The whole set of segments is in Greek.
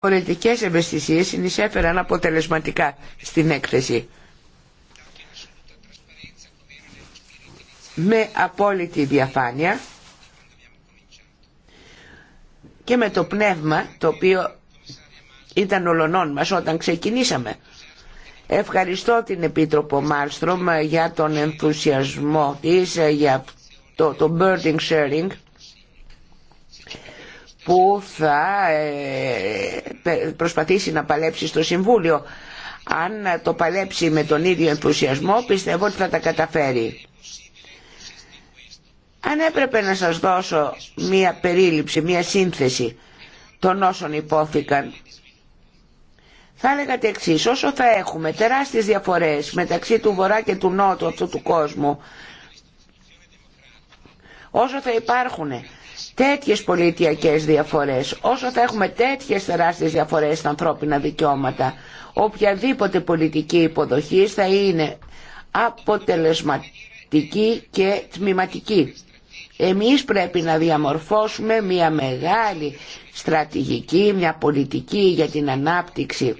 πολιτικές ευαισθησίες συνεισέφεραν αποτελεσματικά στην έκθεση. Με απόλυτη διαφάνεια και με το πνεύμα το οποίο ήταν ολονών μας όταν ξεκινήσαμε. Ευχαριστώ την Επίτροπο Μάλστρομ για τον ενθουσιασμό της, για το, το birding sharing που θα ε, προσπαθήσει να παλέψει στο Συμβούλιο. Αν το παλέψει με τον ίδιο ενθουσιασμό πιστεύω ότι θα τα καταφέρει. Αν έπρεπε να σας δώσω μία περίληψη, μία σύνθεση των όσων υπόθηκαν, θα έλεγα όσο θα έχουμε τεράστιες διαφορές μεταξύ του βορρά και του νότου αυτού του κόσμου, όσο θα υπάρχουν τέτοιες πολιτιακές διαφορές, όσο θα έχουμε τέτοιες τεράστιες διαφορές στα ανθρώπινα δικαιώματα, οποιαδήποτε πολιτική υποδοχή θα είναι αποτελεσματική και τμηματική. Εμείς πρέπει να διαμορφώσουμε μια μεγάλη στρατηγική, μια πολιτική για την ανάπτυξη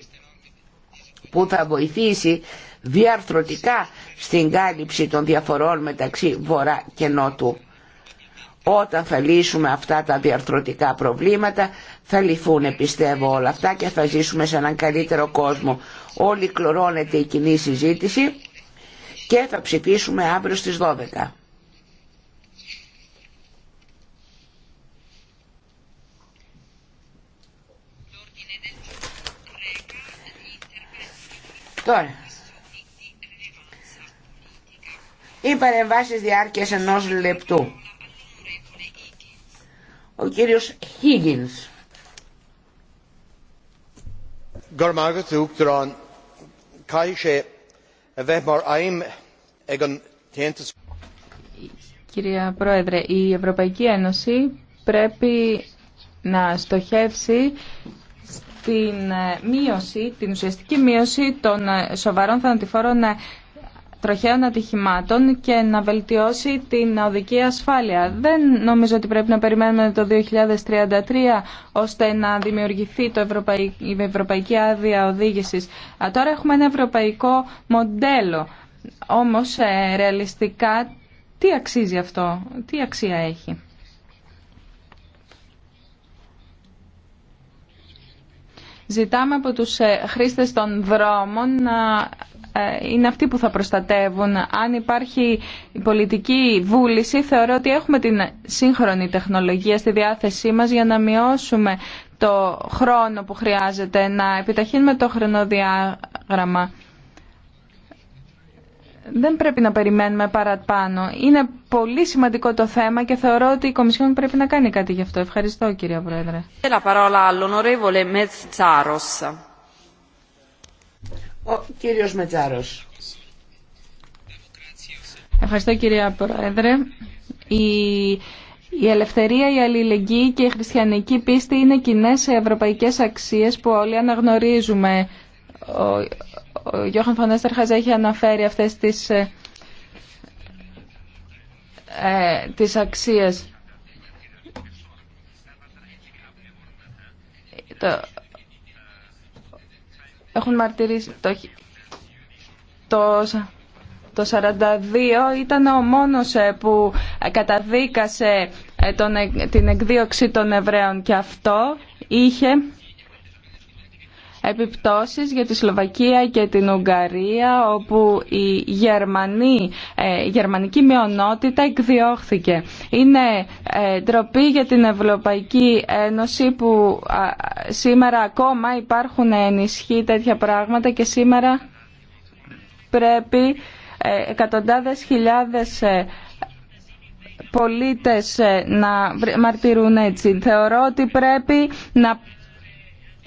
που θα βοηθήσει διαρθρωτικά στην κάλυψη των διαφορών μεταξύ Βορρά και Νότου. Όταν θα λύσουμε αυτά τα διαρθρωτικά προβλήματα θα λυθούν πιστεύω όλα αυτά και θα ζήσουμε σε έναν καλύτερο κόσμο. Όλοι κλωρώνεται η κοινή συζήτηση και θα ψηφίσουμε αύριο στις 12. Τώρα, οι παρεμβάσεις διάρκειας ενός λεπτού ο κύριος Higgins. Κυρία Πρόεδρε, η Ευρωπαϊκή Ένωση πρέπει να στοχεύσει στην ε, μείωση, την ουσιαστική μείωση των ε, σοβαρών θανατηφόρων ε, τροχαίων ατυχημάτων και να βελτιώσει την οδική ασφάλεια. Δεν νομίζω ότι πρέπει να περιμένουμε το 2033 ώστε να δημιουργηθεί το Ευρωπαϊ... η Ευρωπαϊκή Άδεια Οδήγησης. Τώρα έχουμε ένα ευρωπαϊκό μοντέλο. Όμως, ε, ρεαλιστικά, τι αξίζει αυτό, τι αξία έχει. Ζητάμε από τους ε, χρήστες των δρόμων να ε, είναι αυτοί που θα προστατεύουν. Αν υπάρχει πολιτική βούληση, θεωρώ ότι έχουμε την σύγχρονη τεχνολογία στη διάθεσή μας για να μειώσουμε το χρόνο που χρειάζεται, να επιταχύνουμε το χρονοδιάγραμμα. Δεν πρέπει να περιμένουμε παραπάνω. Είναι πολύ σημαντικό το θέμα και θεωρώ ότι η Κομισιόν πρέπει να κάνει κάτι γι' αυτό. Ευχαριστώ, κύριε Πρόεδρε. Ο κύριος Μετζάρος. Ευχαριστώ κυρία Πρόεδρε. Η... Η ελευθερία, η αλληλεγγύη και η χριστιανική πίστη είναι κοινέ ευρωπαϊκές αξίες που όλοι αναγνωρίζουμε. Ο, ο Γιώχαν Φανέστερχας έχει αναφέρει αυτές τις, ε, ε τις αξίες. Το, έχουν μαρτυρήσει το, το, το 42 ήταν ο μόνος ε, που καταδίκασε ε, τον, ε, την εκδίωξη των Εβραίων και αυτό είχε επιπτώσεις για τη Σλοβακία και την Ουγγαρία όπου η Γερμανή, ε, γερμανική μειονότητα εκδιώχθηκε. Είναι ε, ντροπή για την Ευρωπαϊκή Ένωση που σήμερα ακόμα υπάρχουν ενισχύ τέτοια πράγματα και σήμερα πρέπει ε, εκατοντάδες χιλιάδες πολίτες να μαρτυρούν έτσι. Θεωρώ ότι πρέπει να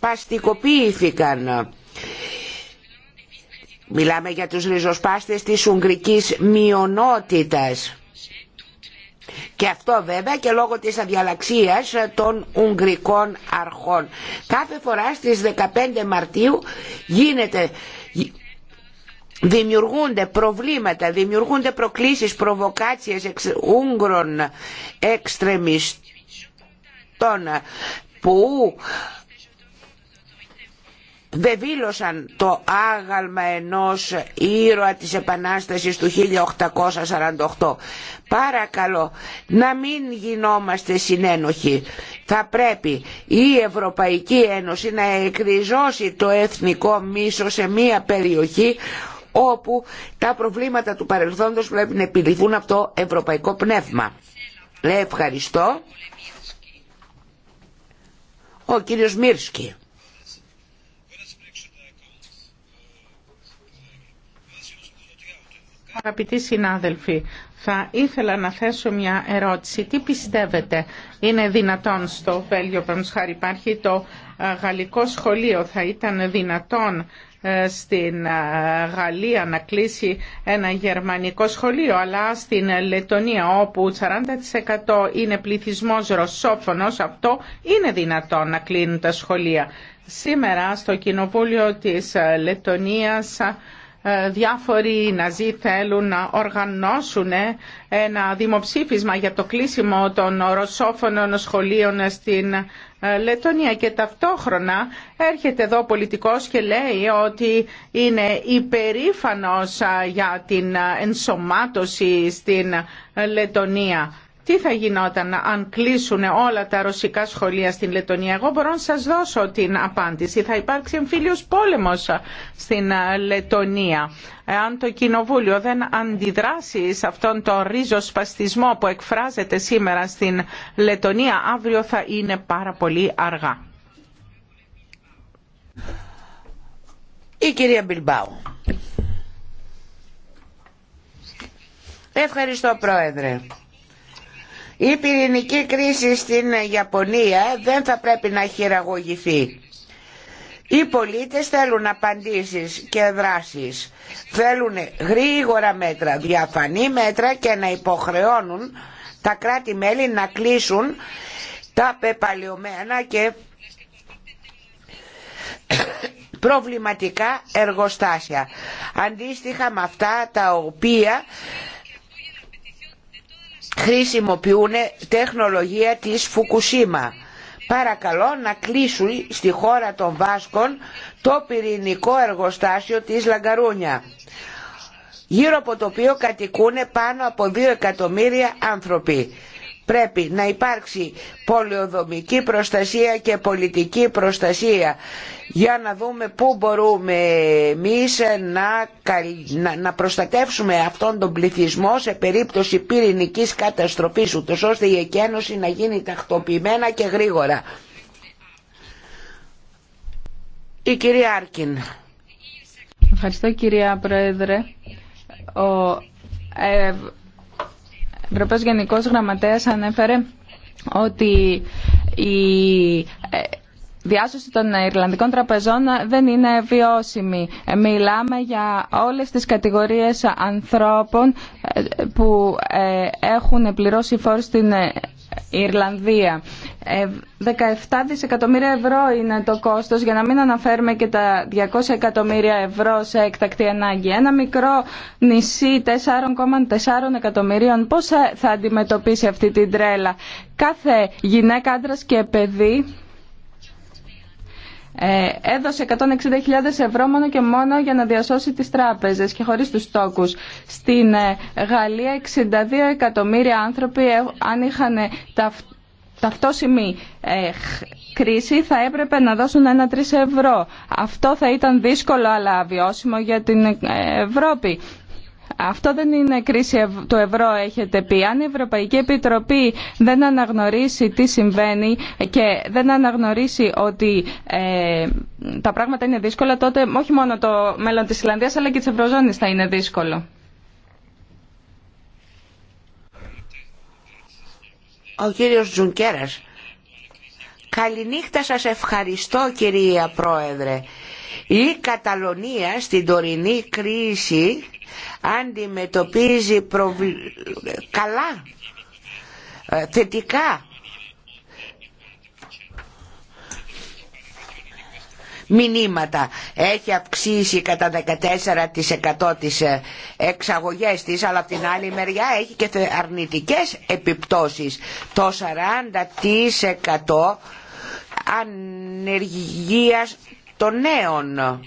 παστικοποιήθηκαν. Μιλάμε για τους ριζοσπάστες της Ουγγρικής μειονότητας. Και αυτό βέβαια και λόγω της αδιαλαξίας των Ουγγρικών αρχών. Κάθε φορά στις 15 Μαρτίου γίνεται, δημιουργούνται προβλήματα, δημιουργούνται προκλήσεις, προβοκάτσιες εξ, Ούγγρων εξτρεμιστών που δεν δήλωσαν το άγαλμα ενός ήρωα της Επανάστασης του 1848. Παρακαλώ να μην γινόμαστε συνένοχοι. Θα πρέπει η Ευρωπαϊκή Ένωση να εκριζώσει το εθνικό μίσο σε μια περιοχή όπου τα προβλήματα του παρελθόντος πρέπει να επιληθούν από το ευρωπαϊκό πνεύμα. Ευχαριστώ. Ο κύριος Μύρσκι. Αγαπητοί συνάδελφοι, θα ήθελα να θέσω μια ερώτηση. Τι πιστεύετε είναι δυνατόν στο Βέλγιο, χάρη υπάρχει το ε, γαλλικό σχολείο, θα ήταν δυνατόν ε, στην ε, Γαλλία να κλείσει ένα γερμανικό σχολείο, αλλά στην Λετωνία όπου 40% είναι πληθυσμός ρωσόφωνος, αυτό είναι δυνατόν να κλείνουν τα σχολεία. Σήμερα στο Κοινοβούλιο της Λετωνίας ε, διάφοροι Ναζί θέλουν να οργανώσουν ένα δημοψήφισμα για το κλείσιμο των ρωσόφωνων σχολείων στην ε, Λετωνία και ταυτόχρονα έρχεται εδώ πολιτικός και λέει ότι είναι υπερήφανος ε, για την ενσωμάτωση στην Λετωνία τι θα γινόταν αν κλείσουν όλα τα ρωσικά σχολεία στην Λετωνία. Εγώ μπορώ να σας δώσω την απάντηση. Θα υπάρξει εμφύλιος πόλεμος στην ε, Λετωνία. Αν το Κοινοβούλιο δεν αντιδράσει σε αυτόν τον ρίζοσπαστισμό που εκφράζεται σήμερα στην Λετωνία, αύριο θα είναι πάρα πολύ αργά. Η κυρία Μπιλμπάου. Ευχαριστώ πρόεδρε. Η πυρηνική κρίση στην Ιαπωνία δεν θα πρέπει να χειραγωγηθεί. Οι πολίτες θέλουν απαντήσεις και δράσεις. Θέλουν γρήγορα μέτρα, διαφανή μέτρα και να υποχρεώνουν τα κράτη-μέλη να κλείσουν τα πεπαλαιωμένα και προβληματικά εργοστάσια. Αντίστοιχα με αυτά τα οποία χρησιμοποιούν τεχνολογία της Φουκουσίμα. Παρακαλώ να κλείσουν στη χώρα των Βάσκων το πυρηνικό εργοστάσιο της Λαγκαρούνια γύρω από το οποίο κατοικούν πάνω από δύο εκατομμύρια άνθρωποι πρέπει να υπάρξει πολεοδομική προστασία και πολιτική προστασία για να δούμε πού μπορούμε εμείς να, προστατεύσουμε αυτόν τον πληθυσμό σε περίπτωση πυρηνικής καταστροφής ούτως ώστε η εκένωση να γίνει τακτοποιημένα και γρήγορα. Η κυρία Άρκιν. Ευχαριστώ κυρία Πρόεδρε. Ο... Ε, Ευρωπαίος Γενικός Γραμματέας ανέφερε ότι η ε, διάσωση των Ιρλανδικών τραπεζών δεν είναι βιώσιμη. Μιλάμε για όλες τις κατηγορίες ανθρώπων ε, που ε, έχουν πληρώσει φόρους στην Ιρλανδία. 17 ε, δισεκατομμύρια ευρώ είναι το κόστος, για να μην αναφέρουμε και τα 200 εκατομμύρια ευρώ σε εκτακτή ανάγκη. Ένα μικρό νησί 4,4 εκατομμυρίων πώς θα αντιμετωπίσει αυτή την τρέλα. Κάθε γυναίκα, άντρας και παιδί ε, έδωσε 160.000 ευρώ μόνο και μόνο για να διασώσει τις τράπεζες και χωρίς τους τόκους. Στην ε, Γαλλία 62 εκατομμύρια άνθρωποι ε, αν είχαν ταυτόσημη κρίση θα έπρεπε να δώσουν ένα 3 ευρώ. Αυτό θα ήταν δύσκολο αλλά βιώσιμο για την Ευρώπη. Αυτό δεν είναι κρίση του ευρώ, έχετε πει. Αν η Ευρωπαϊκή Επιτροπή δεν αναγνωρίσει τι συμβαίνει και δεν αναγνωρίσει ότι ε, τα πράγματα είναι δύσκολα, τότε όχι μόνο το μέλλον της Ισλανδίας αλλά και της Ευρωζώνης θα είναι δύσκολο. Ο κύριος Τζουνκέρας. Καληνύχτα σας ευχαριστώ κυρία Πρόεδρε. Η Καταλωνία στην τωρινή κρίση αντιμετωπίζει καλά, ε, θετικά μηνύματα. Έχει αυξήσει κατά 14% τις ε, εξαγωγές της, αλλά από την άλλη μεριά έχει και αρνητικές επιπτώσεις. Το 40% ανεργίας των νέων.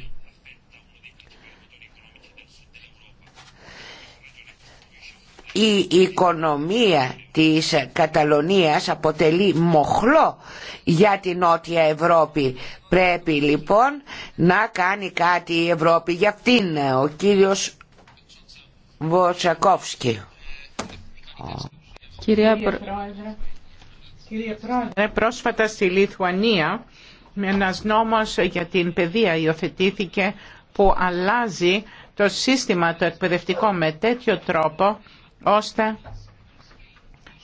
Η οικονομία της Καταλωνίας αποτελεί μοχλό για την Νότια Ευρώπη. Πρέπει λοιπόν να κάνει κάτι η Ευρώπη για αυτήν. Ο κύριος Βοτσακόφσκι. Κύριε Πρόεδρε, πρόσφατα στη Λιθουανία ένας νόμος για την παιδεία υιοθετήθηκε που αλλάζει το σύστημα το εκπαιδευτικό με τέτοιο τρόπο ώστε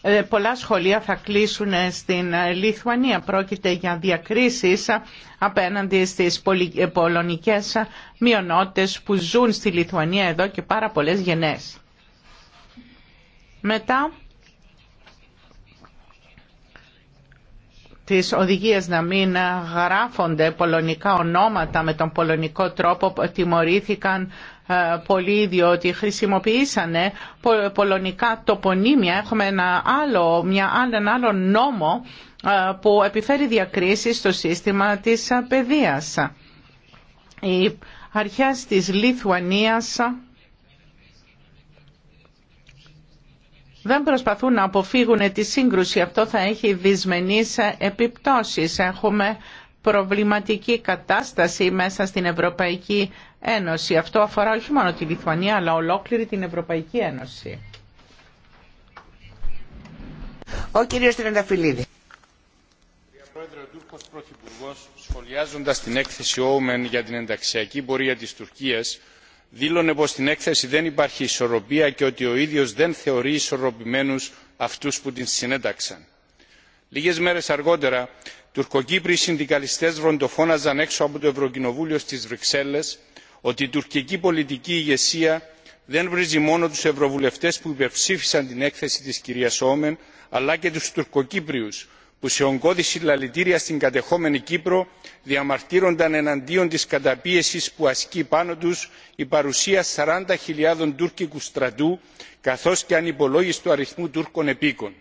ε, πολλά σχολεία θα κλείσουν στην ε, Λιθουανία. Πρόκειται για διακρίσεις απέναντι στις ε, πολωνικές μειονότητες που ζουν στη Λιθουανία εδώ και πάρα πολλές γενές. Μετά τις οδηγίες να μην γράφονται πολωνικά ονόματα με τον πολωνικό τρόπο τιμωρήθηκαν ε, πολλοί διότι χρησιμοποιήσανε πολωνικά τοπονύμια. Έχουμε ένα άλλο, μια, έναν άλλο νόμο ε, που επιφέρει διακρίσεις στο σύστημα της παιδείας. Οι αρχές της Λιθουανίας δεν προσπαθούν να αποφύγουν τη σύγκρουση. Αυτό θα έχει δυσμενείς επιπτώσεις. Έχουμε προβληματική κατάσταση μέσα στην Ευρωπαϊκή Ένωση. Αυτό αφορά όχι μόνο τη Λιθουανία, αλλά ολόκληρη την Ευρωπαϊκή Ένωση. Ο κύριος Τρενταφυλλίδη. Κυρία Πρόεδρε, ο Τούρκος Πρωθυπουργός, σχολιάζοντας την έκθεση Όμεν για την ενταξιακή πορεία της Τουρκίας, δήλωνε πως στην έκθεση δεν υπάρχει ισορροπία και ότι ο ίδιος δεν θεωρεί ισορροπημένους αυτούς που την συνέταξαν. λίγες μέρες αργότερα τουρκοκύπριοι συνδικαλιστές βροντοφώναζαν έξω από το ευρωκοινοβούλιο στις βρυξέλλες ότι η τουρκική πολιτική ηγεσία δεν βρίζει μόνο τους ευρωβουλευτές που υπερψήφισαν την έκθεση της κυρίας Όμεν, αλλά και τους τουρκοκύπριους που σε ογκώδη συλλαλητήρια στην κατεχόμενη κύπρο διαμαρτύρονταν εναντίον της καταπίεσης που ασκεί πάνω τους η παρουσία 40.000 τουρκικού στρατού καθώς και ανυπολόγιστου αριθμού τούρκων επίκων.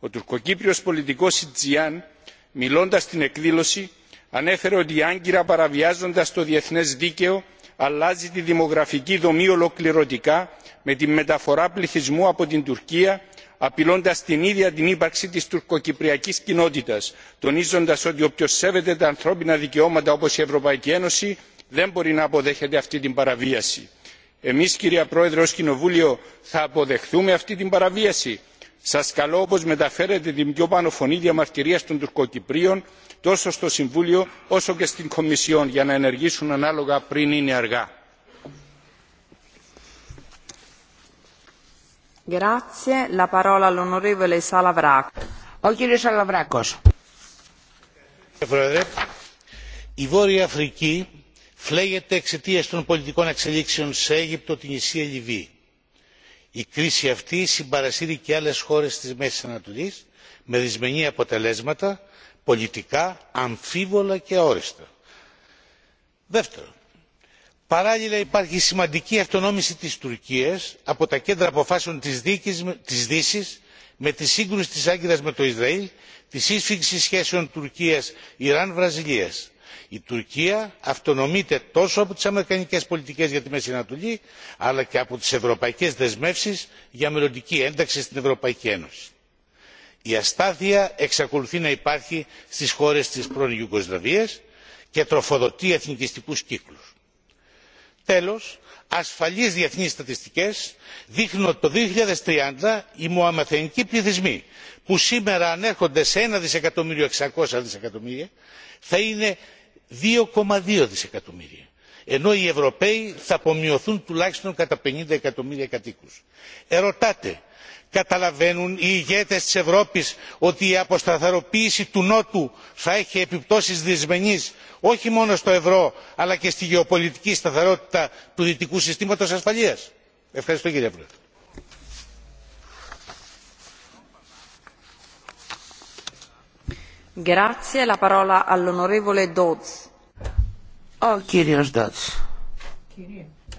ο τουρκοκύπριος πολιτικός ιτζιάν μιλώντας στην εκδήλωση ανέφερε ότι η άγκυρα παραβιάζοντας το διεθνές δίκαιο αλλάζει τη δημογραφική δομή ολοκληρωτικά με τη μεταφορά πληθυσμού από την τουρκία απειλώντα την ίδια την ύπαρξη τη τουρκοκυπριακή κοινότητα τονίζοντα ότι όποιο σέβεται τα ανθρώπινα δικαιώματα όπω η ευρωπαϊκή ένωση δεν μπορεί να αποδέχεται αυτή την παραβίαση. εμεί κυρία πρόεδρε ω κοινοβούλιο θα αποδεχθούμε αυτή την παραβίαση. σα καλώ όπω μεταφέρετε την πιο πάνω φωνή διαμαρτυρία των τουρκοκυπρίων τόσο στο συμβούλιο όσο και στην κομισιόν για να ενεργήσουν ανάλογα πριν είναι αργά. η Βόρεια Αφρική φλέγεται εξαιτίας των πολιτικών εξελίξεων σε Αίγυπτο, την Ισία, Λιβύη. Η κρίση αυτή συμπαρασύρει και άλλες χώρες της Μέσης Ανατολής με δυσμενή αποτελέσματα πολιτικά αμφίβολα και αόριστα. Δεύτερον, παράλληλα υπάρχει σημαντική αυτονόμηση της τουρκίας από τα κέντρα αποφάσεων της δύσης με τη σύγκρουση της άγκυρας με το ισραήλ τη σύσφιξη σχέσεων τουρκίας ιράν βραζιλίας. η τουρκία αυτονομείται τόσο από τις αμερικανικές πολιτικές για τη μέση ανατολή αλλά και από τις ευρωπαϊκές δεσμεύσεις για μελλοντική ένταξη στην ευρωπαϊκή ένωση. η αστάθεια εξακολουθεί να υπάρχει στις χώρες της πρώην ιουγκοσλαβίας και τροφοδοτεί εθνικιστικούς κύκλους τέλος ασφαλείς διεθνείς στατιστικές δείχνουν ότι το 2030 τριάντα οι μοαμεθενικοί πληθυσμοί που σήμερα ανέρχονται σε ένα δισεκατομμύριο εξακόσια δισεκατομμύρια θα είναι 2,2 δισεκατομμύρια ενώ οι ευρωπαίοι θα απομειωθούν τουλάχιστον κατά 50 εκατομμύρια κατοίκους. ερωτάτε καταλαβαίνουν οι ηγέτες της ευρώπης ότι η αποσταθεροποίηση του νότου θα έχει επιπτώσεις δυσμενείς όχι μόνο στο ευρώ αλλά και στη γεωπολιτική σταθερότητα του δυτικού συστήματος ασφαλείας. ευχαριστώ κύριε πρόεδρε. κύριος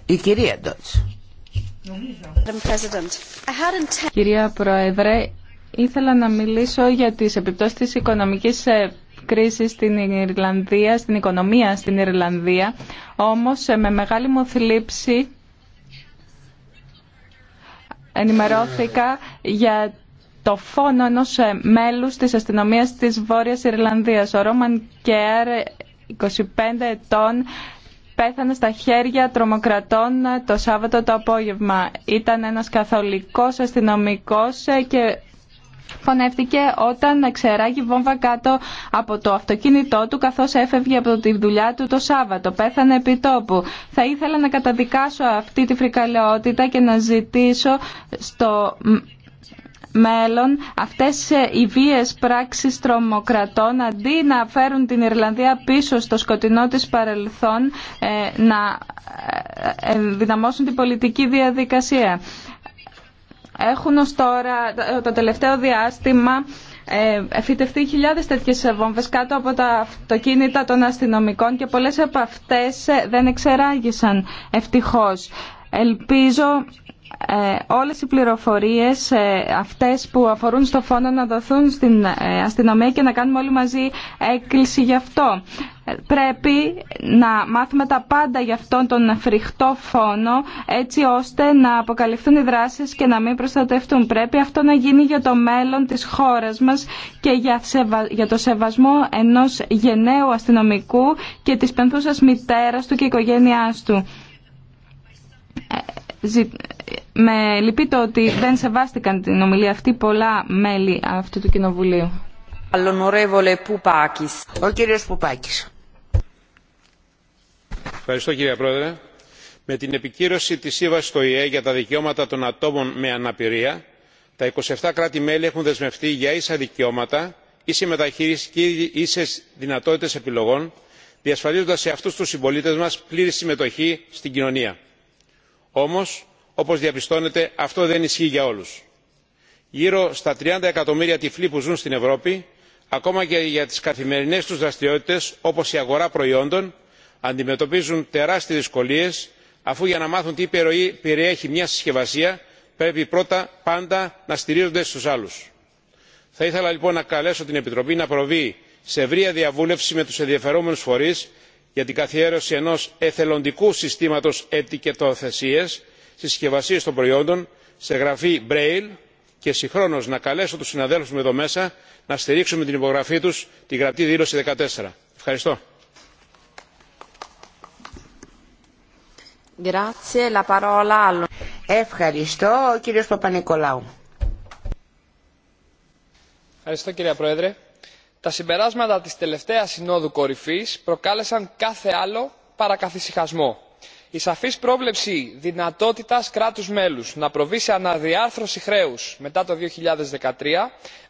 Η κυρία Κυρία Πρόεδρε, ήθελα να μιλήσω για τις επιπτώσεις της οικονομικής ε, κρίσης στην Ιρλανδία, στην οικονομία στην Ιρλανδία, όμως ε, με μεγάλη μου θλίψη ενημερώθηκα για το φόνο ενός ε, μέλους της αστυνομίας της Βόρειας Ιρλανδίας. Ο Ρόμαν Κέρ, 25 ετών, πέθανε στα χέρια τρομοκρατών ε, το Σάββατο το απόγευμα. Ήταν ένας καθολικός αστυνομικός ε, και φωνεύτηκε όταν ξεράγει βόμβα κάτω από το αυτοκίνητό του καθώς έφευγε από τη δουλειά του το Σάββατο. Πέθανε επί τόπου. Θα ήθελα να καταδικάσω αυτή τη φρικαλαιότητα και να ζητήσω στο μέλλον αυτές ε, οι βίες πράξεις τρομοκρατών αντί να φέρουν την Ιρλανδία πίσω στο σκοτεινό της παρελθόν ε, να ε, δυναμώσουν την πολιτική διαδικασία. Έχουν ως τώρα το τελευταίο διάστημα εφητευτεί χιλιάδες τέτοιες βόμβες κάτω από τα αυτοκίνητα των αστυνομικών και πολλές από αυτές δεν εξεράγησαν ευτυχώς. Ελπίζω ε, όλες οι πληροφορίες ε, αυτές που αφορούν στο φόνο να δοθούν στην ε, αστυνομία και να κάνουμε όλοι μαζί έκκληση γι' αυτό. Πρέπει να μάθουμε τα πάντα γι' αυτόν τον φρικτό φόνο έτσι ώστε να αποκαλυφθούν οι δράσεις και να μην προστατευτούν. Πρέπει αυτό να γίνει για το μέλλον της χώρας μας και για το σεβασμό ενός γενναίου αστυνομικού και της πενθούσας μητέρας του και οικογένειάς του με λυπεί το ότι δεν σεβάστηκαν την ομιλία αυτή πολλά μέλη αυτού του κοινοβουλίου. Ο κύριος Πουπάκης. Ευχαριστώ κύριε Πρόεδρε. Με την επικύρωση της σύμβαση στο ΙΕ για τα δικαιώματα των ατόμων με αναπηρία, τα 27 κράτη-μέλη έχουν δεσμευτεί για ίσα δικαιώματα, ίση μεταχείριση και ίσες δυνατότητες επιλογών, διασφαλίζοντα σε αυτούς τους συμπολίτες μας πλήρη συμμετοχή στην κοινωνία. Όμως, όπως διαπιστώνετε αυτό δεν ισχύει για όλους. γύρω στα 30 εκατομμύρια τυφλοί που ζουν στην ευρώπη ακόμα και για τις καθημερινές τους δραστηριότητες όπως η αγορά προϊόντων αντιμετωπίζουν τεράστιες δυσκολίες αφού για να μάθουν τι περιέχει μια συσκευασία πρέπει πρώτα πάντα να στηρίζονται στους άλλους. θα ήθελα λοιπόν να καλέσω την επιτροπή να προβεί σε ευρία διαβούλευση με τους ενδιαφερόμενους φορείς για την καθιέρωση ενός εθελοντικού συστήματος ετικετοθεσίας συσκευασίε των προϊόντων σε γραφή braille και συγχρόνω να καλέσω του συναδέλφους μου εδώ μέσα να στηρίξουν με την υπογραφή τους τη γραπτή δήλωση 14. Ευχαριστώ. Ευχαριστώ. Ευχαριστώ κύριε Πρόεδρε. Τα συμπεράσματα της τελευταίας Συνόδου Κορυφής προκάλεσαν κάθε άλλο καθησυχασμό η σαφής πρόβλεψη δυνατότητας κράτους μέλους να προβεί σε αναδιάρθρωση χρέους μετά το 2013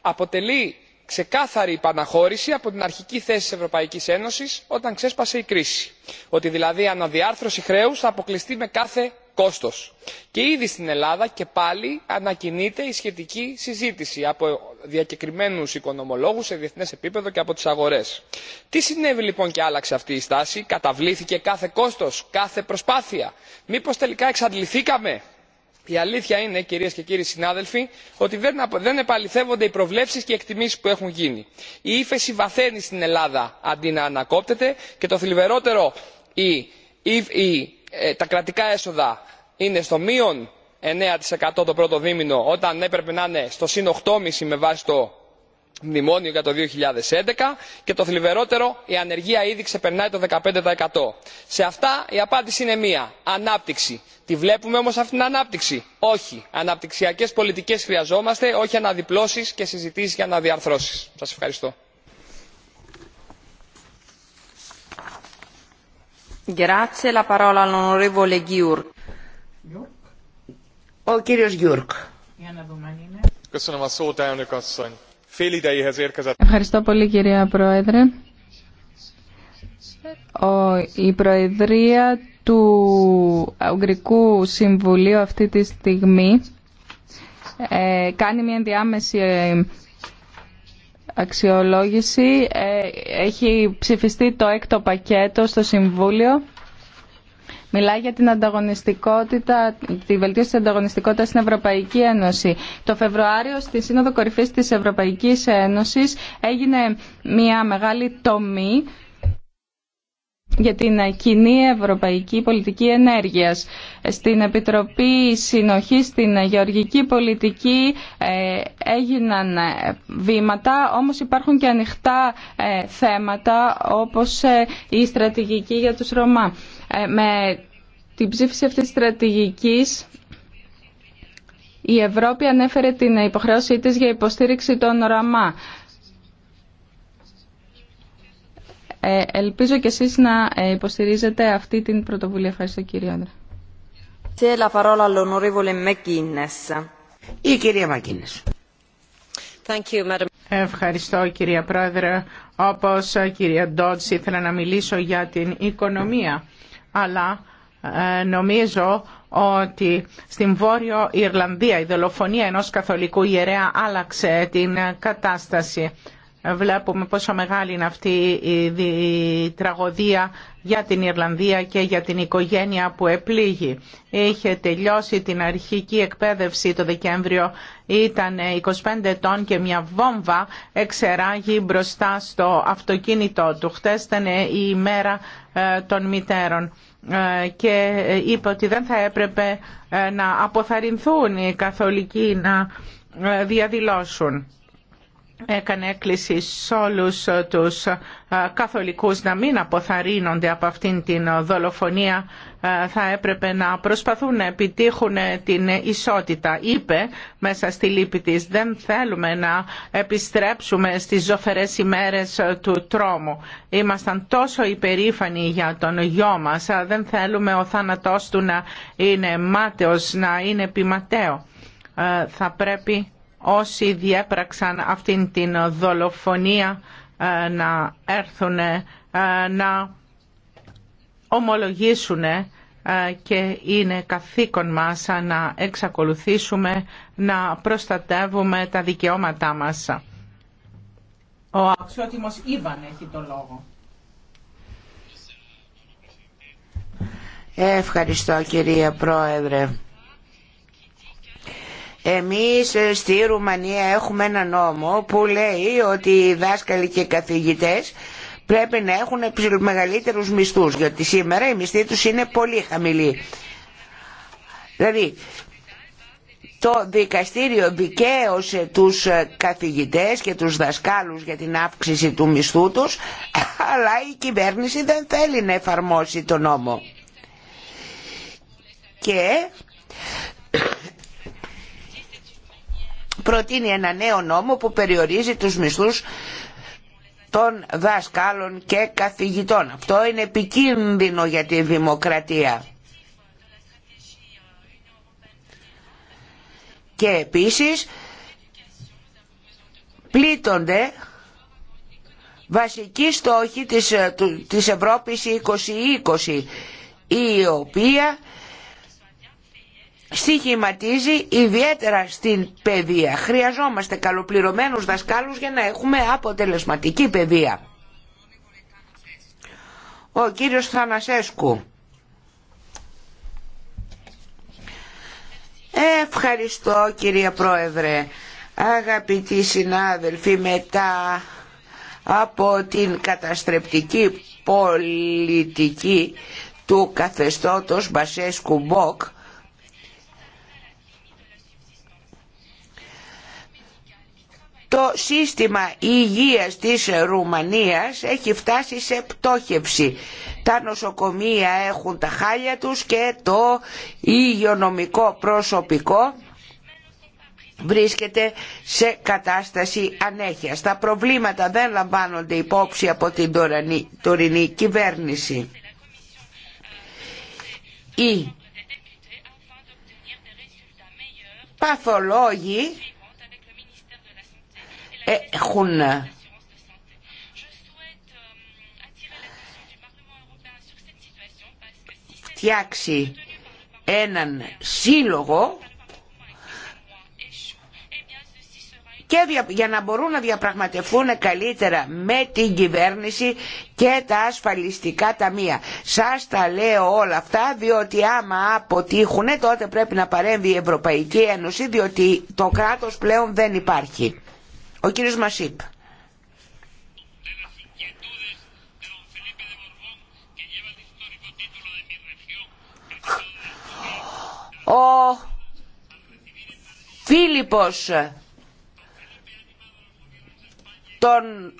αποτελεί ξεκάθαρη υπαναχώρηση από την αρχική θέση της ευρωπαϊκής ένωσης όταν ξέσπασε η κρίση ότι δηλαδή η αναδιάρθρωση χρέους θα αποκλειστεί με κάθε κόστος. και ήδη στην ελλάδα και πάλι ανακοινείται η σχετική συζήτηση από διακεκριμένους οικονομολόγους σε διεθνές επίπεδο και από τις αγορές. τι συνέβη λοιπόν και άλλαξε αυτή η στάση; καταβλήθηκε κάθε κόστος κάθε προσπάθεια; μήπως τελικά εξαντληθήκαμε; η αλήθεια είναι κυρίες και κύριοι συνάδελφοι ότι δεν επαληθεύονται οι προβλέψεις και οι εκτιμήσεις που έχουν γίνει. η ύφεση βαθαίνει στην ελλάδα αντί να ανακόπτεται και το θλιβερότερο η ε, τα κρατικά έσοδα είναι στο μείον 9% το πρώτο δίμηνο όταν έπρεπε να είναι στο συν οκτώ με βάση το μνημόνιο για το 2011 και το θλιβερότερο η ανεργία ήδη ξεπερνάει το 15%. Σε αυτά η απάντηση είναι μία. Ανάπτυξη. Τη βλέπουμε όμως αυτήν την ανάπτυξη. Όχι. Αναπτυξιακές πολιτικές χρειαζόμαστε, όχι αναδιπλώσεις και συζητήσεις για αναδιαρθρώσεις. Σας ευχαριστώ. Ευχαριστώ πολύ κυρία Πρόεδρε. Η Προεδρία του Ουγγρικού Συμβουλίου αυτή τη στιγμή ε, κάνει μια ενδιάμεση ε, αξιολόγηση. Ε, έχει ψηφιστεί το έκτο πακέτο στο Συμβούλιο. Μιλάει για την ανταγωνιστικότητα, τη βελτίωση της ανταγωνιστικότητας στην Ευρωπαϊκή Ένωση. Το Φεβρουάριο στη Σύνοδο Κορυφής της Ευρωπαϊκής Ένωσης έγινε μια μεγάλη τομή για την κοινή ευρωπαϊκή πολιτική ενέργειας. Στην Επιτροπή Συνοχή στην γεωργική πολιτική ε, έγιναν ε, βήματα, όμως υπάρχουν και ανοιχτά ε, θέματα όπως η στρατηγική για τους Ρωμά. Με την ψήφιση αυτής της στρατηγικής η Ευρώπη ανέφερε την υποχρέωσή της για υποστήριξη των Ρωμά. Ε, ελπίζω και εσείς να ε, υποστηρίζετε αυτή την πρωτοβουλία. Ευχαριστώ κύριε Άντρα. Η κυρία Μακίνες. Ευχαριστώ κυρία Πρόεδρε. Όπως ε, κυρία Ντότς ήθελα να μιλήσω για την οικονομία. Αλλά νομίζω ότι στην Βόρειο Ιρλανδία η δολοφονία ενός καθολικού ιερέα άλλαξε την κατάσταση. Βλέπουμε πόσο μεγάλη είναι αυτή η τραγωδία για την Ιρλανδία και για την οικογένεια που επλήγει. Είχε τελειώσει την αρχική εκπαίδευση το Δεκέμβριο, ήταν 25 ετών και μια βόμβα εξεράγει μπροστά στο αυτοκίνητό του. Χτες ήταν η ημέρα ε, των μητέρων ε, και είπε ότι δεν θα έπρεπε ε, να αποθαρρυνθούν οι καθολικοί να διαδηλώσουν έκανε έκκληση σε όλους τους καθολικούς να μην αποθαρρύνονται από αυτήν την δολοφονία θα έπρεπε να προσπαθούν να επιτύχουν την ισότητα. Είπε μέσα στη λύπη της δεν θέλουμε να επιστρέψουμε στις ζωφερές ημέρες του τρόμου. Ήμασταν τόσο υπερήφανοι για τον γιο μας. Δεν θέλουμε ο θάνατός του να είναι μάταιος, να είναι επιματέο. Θα πρέπει όσοι διέπραξαν αυτήν την δολοφονία ε, να έρθουν ε, να ομολογήσουν ε, και είναι καθήκον μας να εξακολουθήσουμε να προστατεύουμε τα δικαιώματά μας. Ο αξιότιμος Ήβαν έχει το λόγο. Ευχαριστώ κυρία Πρόεδρε. Εμείς ε, στη Ρουμανία έχουμε ένα νόμο που λέει ότι οι δάσκαλοι και οι καθηγητές πρέπει να έχουν μεγαλύτερους μισθούς γιατί σήμερα οι μισθοί τους είναι πολύ χαμηλοί. Δηλαδή το δικαστήριο δικαίωσε τους ε, καθηγητές και τους δασκάλους για την αύξηση του μισθού τους αλλά η κυβέρνηση δεν θέλει να εφαρμόσει τον νόμο. Και προτείνει ένα νέο νόμο που περιορίζει τους μισθούς των δάσκαλων και καθηγητών. Αυτό είναι επικίνδυνο για τη δημοκρατία. Και επίσης πλήττονται βασικοί στόχοι της, ε, της Ευρώπης 2020 η οποία στοιχηματίζει ιδιαίτερα στην παιδεία. Χρειαζόμαστε καλοπληρωμένους δασκάλους για να έχουμε αποτελεσματική παιδεία. Ο κύριος Θανασέσκου. Ευχαριστώ κύριε Πρόεδρε. Αγαπητοί συνάδελφοι, μετά από την καταστρεπτική πολιτική του καθεστώτος Μπασέσκου Μποκ, Το σύστημα υγείας της Ρουμανίας έχει φτάσει σε πτώχευση. Τα νοσοκομεία έχουν τα χάλια τους και το υγειονομικό προσωπικό βρίσκεται σε κατάσταση ανέχειας. Τα προβλήματα δεν λαμβάνονται υπόψη από την τωρινή κυβέρνηση. Οι παθολόγοι έχουν ε, φτιάξει έναν σύλλογο και για να μπορούν να διαπραγματευτούν καλύτερα με την κυβέρνηση και τα ασφαλιστικά ταμεία. Σας τα λέω όλα αυτά διότι άμα αποτύχουν τότε πρέπει να παρέμβει η Ευρωπαϊκή Ένωση διότι το κράτος πλέον δεν υπάρχει. Ο κύριος Μασίπ.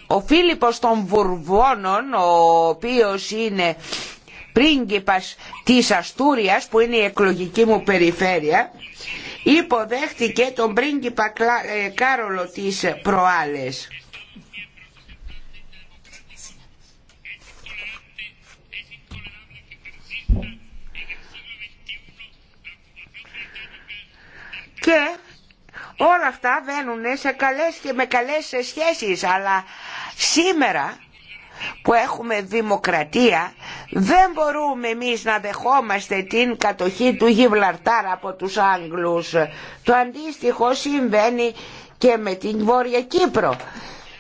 Ο Φίλιππος ο των Βουρβώνων, ο οποίος είναι πρίγκιπας της Αστούριας, που είναι η εκλογική μου περιφέρεια, υποδέχτηκε τον πρίγκιπα ε, Κάρολο της προάλλες. Και όλα αυτά βαίνουν σε καλές και με καλές σχέσεις, αλλά σήμερα που έχουμε δημοκρατία δεν μπορούμε εμείς να δεχόμαστε την κατοχή του Γιβλαρτάρ από τους Άγγλους. Το αντίστοιχο συμβαίνει και με την Βόρεια Κύπρο.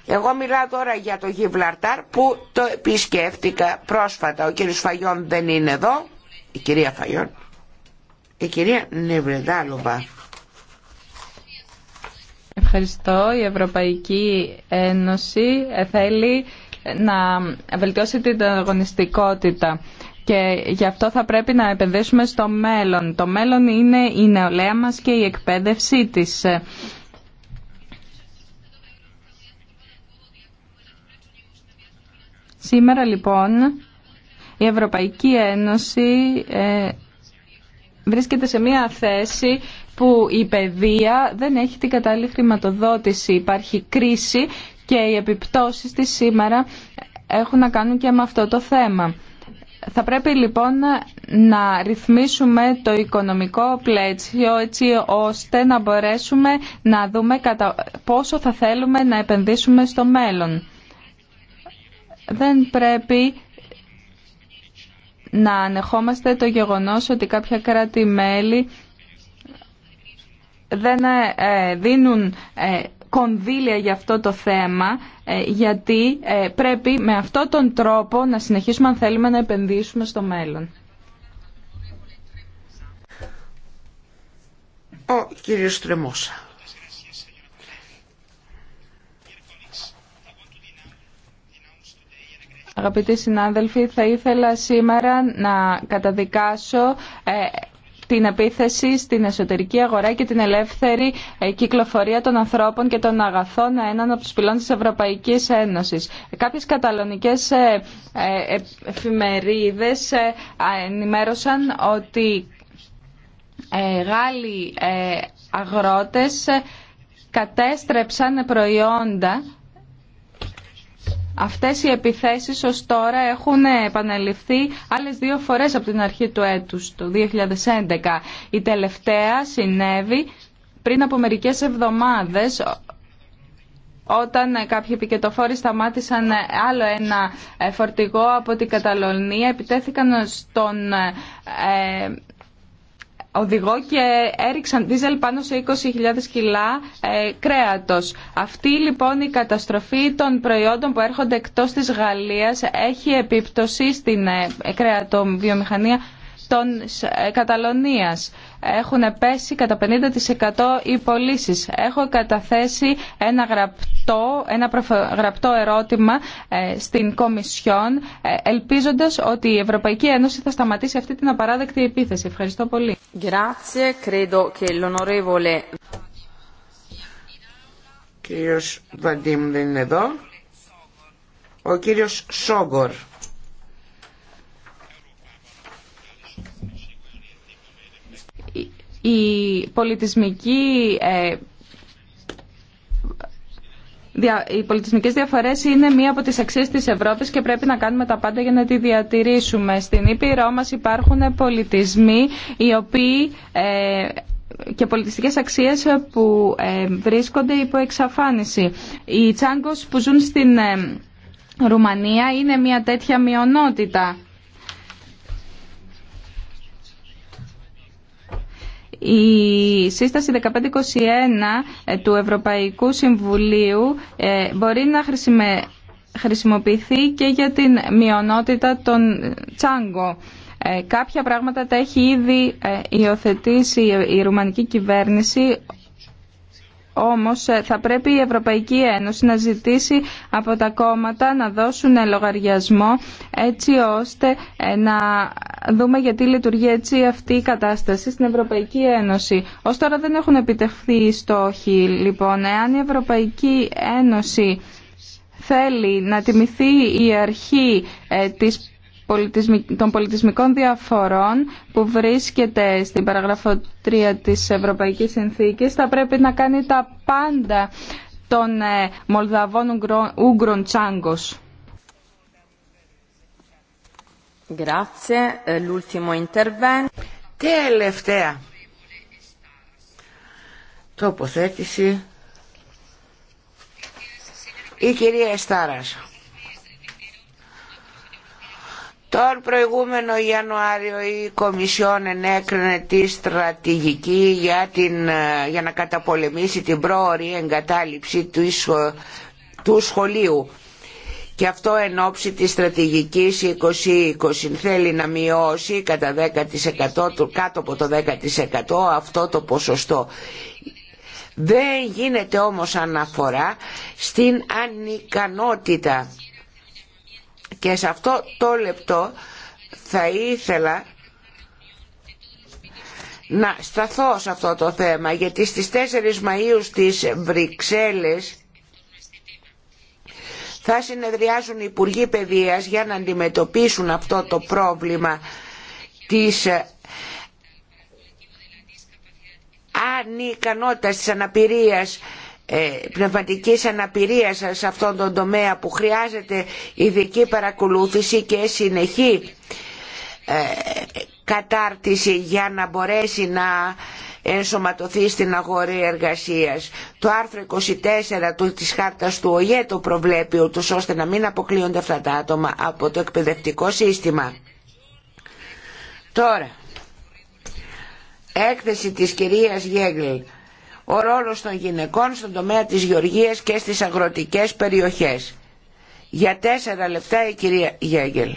Εγώ μιλάω τώρα για το Γιβλαρτάρ που το επισκέφτηκα πρόσφατα. Ο κύριος Φαγιόν δεν είναι εδώ. Η κυρία Φαγιόν. Η κυρία Νευρεδάλοβα. Ευχαριστώ. Η Ευρωπαϊκή Ένωση θέλει να βελτιώσει την αγωνιστικότητα και γι' αυτό θα πρέπει να επενδύσουμε στο μέλλον. Το μέλλον είναι η νεολαία μας και η εκπαίδευσή της. Σήμερα λοιπόν η Ευρωπαϊκή Ένωση ε, βρίσκεται σε μια θέση που η παιδεία δεν έχει την κατάλληλη χρηματοδότηση. Υπάρχει κρίση και οι επιπτώσεις της σήμερα έχουν να κάνουν και με αυτό το θέμα. Θα πρέπει λοιπόν να ρυθμίσουμε το οικονομικό πλαίσιο έτσι ώστε να μπορέσουμε να δούμε κατά πόσο θα θέλουμε να επενδύσουμε στο μέλλον. Δεν πρέπει να ανεχόμαστε το γεγονός ότι κάποια κράτη-μέλη δεν ε, δίνουν ε, κονδύλια για αυτό το θέμα ε, γιατί ε, πρέπει με αυτόν τον τρόπο να συνεχίσουμε αν θέλουμε να επενδύσουμε στο μέλλον. Ο κύριος Τρεμόσα. Αγαπητοί συνάδελφοι, θα ήθελα σήμερα να καταδικάσω ε, την επίθεση στην εσωτερική αγορά και την ελεύθερη ε, κυκλοφορία των ανθρώπων και των αγαθών έναν από τους πυλώνες της Ευρωπαϊκής Ένωσης. Κάποιες καταλωνικές ε, ε, εφημερίδες ενημέρωσαν ότι Γάλλοι αγρότες κατέστρεψαν προϊόντα Αυτές οι επιθέσεις ως τώρα έχουν επαναληφθεί άλλες δύο φορές από την αρχή του έτους, το 2011. Η τελευταία συνέβη πριν από μερικές εβδομάδες όταν κάποιοι επικετοφόροι σταμάτησαν άλλο ένα ε, φορτηγό από την Καταλωνία, επιτέθηκαν στον ε, οδηγό και έριξαν δίζελ πάνω σε 20.000 κιλά ε, κρέατος. Αυτή λοιπόν η καταστροφή των προϊόντων που έρχονται εκτός της Γαλλίας έχει επίπτωση στην ε, ε κρέατοβιομηχανία των ε, Καταλωνίας. Έχουν πέσει κατά 50% οι πωλήσει. Έχω καταθέσει ένα γραπτό, ένα γραπτό ερώτημα ε, στην Κομισιόν, ε, ελπίζοντας ότι η Ευρωπαϊκή Ένωση θα σταματήσει αυτή την απαράδεκτη επίθεση. Ευχαριστώ πολύ. Κύριος Βαντίμ δεν είναι εδώ. Ο κύριος Σόγκορ. η πολιτισμική ε, οι πολιτισμικές διαφορές είναι μία από τις αξίες της Ευρώπης και πρέπει να κάνουμε τα πάντα για να τη διατηρήσουμε. Στην Ήπειρό μας υπάρχουν πολιτισμοί οι οποίοι ε, και πολιτιστικές αξίες που ε, βρίσκονται υπό εξαφάνιση. Οι τσάνγκος που ζουν στην Ρουμανία είναι μία τέτοια μειονότητα. Η σύσταση 1521 ε, του Ευρωπαϊκού Συμβουλίου ε, μπορεί να χρησιμοποιηθεί και για την μειονότητα των Τσάγκο. Ε, κάποια πράγματα τα έχει ήδη υιοθετήσει η ρουμανική κυβέρνηση όμως ε, θα πρέπει η Ευρωπαϊκή Ένωση να ζητήσει από τα κόμματα να δώσουν λογαριασμό έτσι ώστε ε, να δούμε γιατί λειτουργεί έτσι αυτή η κατάσταση στην Ευρωπαϊκή Ένωση. Ως τώρα δεν έχουν επιτευχθεί οι στόχοι. Λοιπόν, εάν η Ευρωπαϊκή Ένωση θέλει να τιμηθεί η αρχή ε, της των πολιτισμικών διαφορών που βρίσκεται στην παραγραφό 3 της Ευρωπαϊκής Συνθήκης θα πρέπει να κάνει τα πάντα των ε, Μολδαβών Ούγκρων Τσάγκος. Ε, Τελευταία τοποθέτηση η κυρία Εστάρας. Τον προηγούμενο Ιανουάριο η Κομισιόν ενέκρινε τη στρατηγική για, την, ε, για να καταπολεμήσει την πρόορη εγκατάλειψη του, του σχολείου. Και αυτό εν ώψη της στρατηγικής 2020 θέλει να μειώσει κατά 10%, κάτω από το 10% αυτό το ποσοστό. Δεν γίνεται όμως αναφορά στην ανικανότητα και σε αυτό το λεπτό θα ήθελα να σταθώ σε αυτό το θέμα γιατί στις 4 Μαΐου στις Βρυξέλλες θα συνεδριάζουν οι Υπουργοί Παιδείας για να αντιμετωπίσουν αυτό το πρόβλημα της ανικανότητας της αναπηρίας ε, πνευματικής αναπηρίας σε αυτόν τον τομέα που χρειάζεται ειδική παρακολούθηση και συνεχή ε, κατάρτιση για να μπορέσει να ενσωματωθεί στην αγορή εργασίας. Το άρθρο 24 της χάρτας του ΟΙΕ το προβλέπει ούτως ώστε να μην αποκλείονται αυτά τα άτομα από το εκπαιδευτικό σύστημα. Τώρα, έκθεση της κυρίας Γέγλε ο ρόλος των γυναικών στον τομέα της γεωργίας και στις αγροτικές περιοχές. Για τέσσερα λεπτά η κυρία Γέγελ.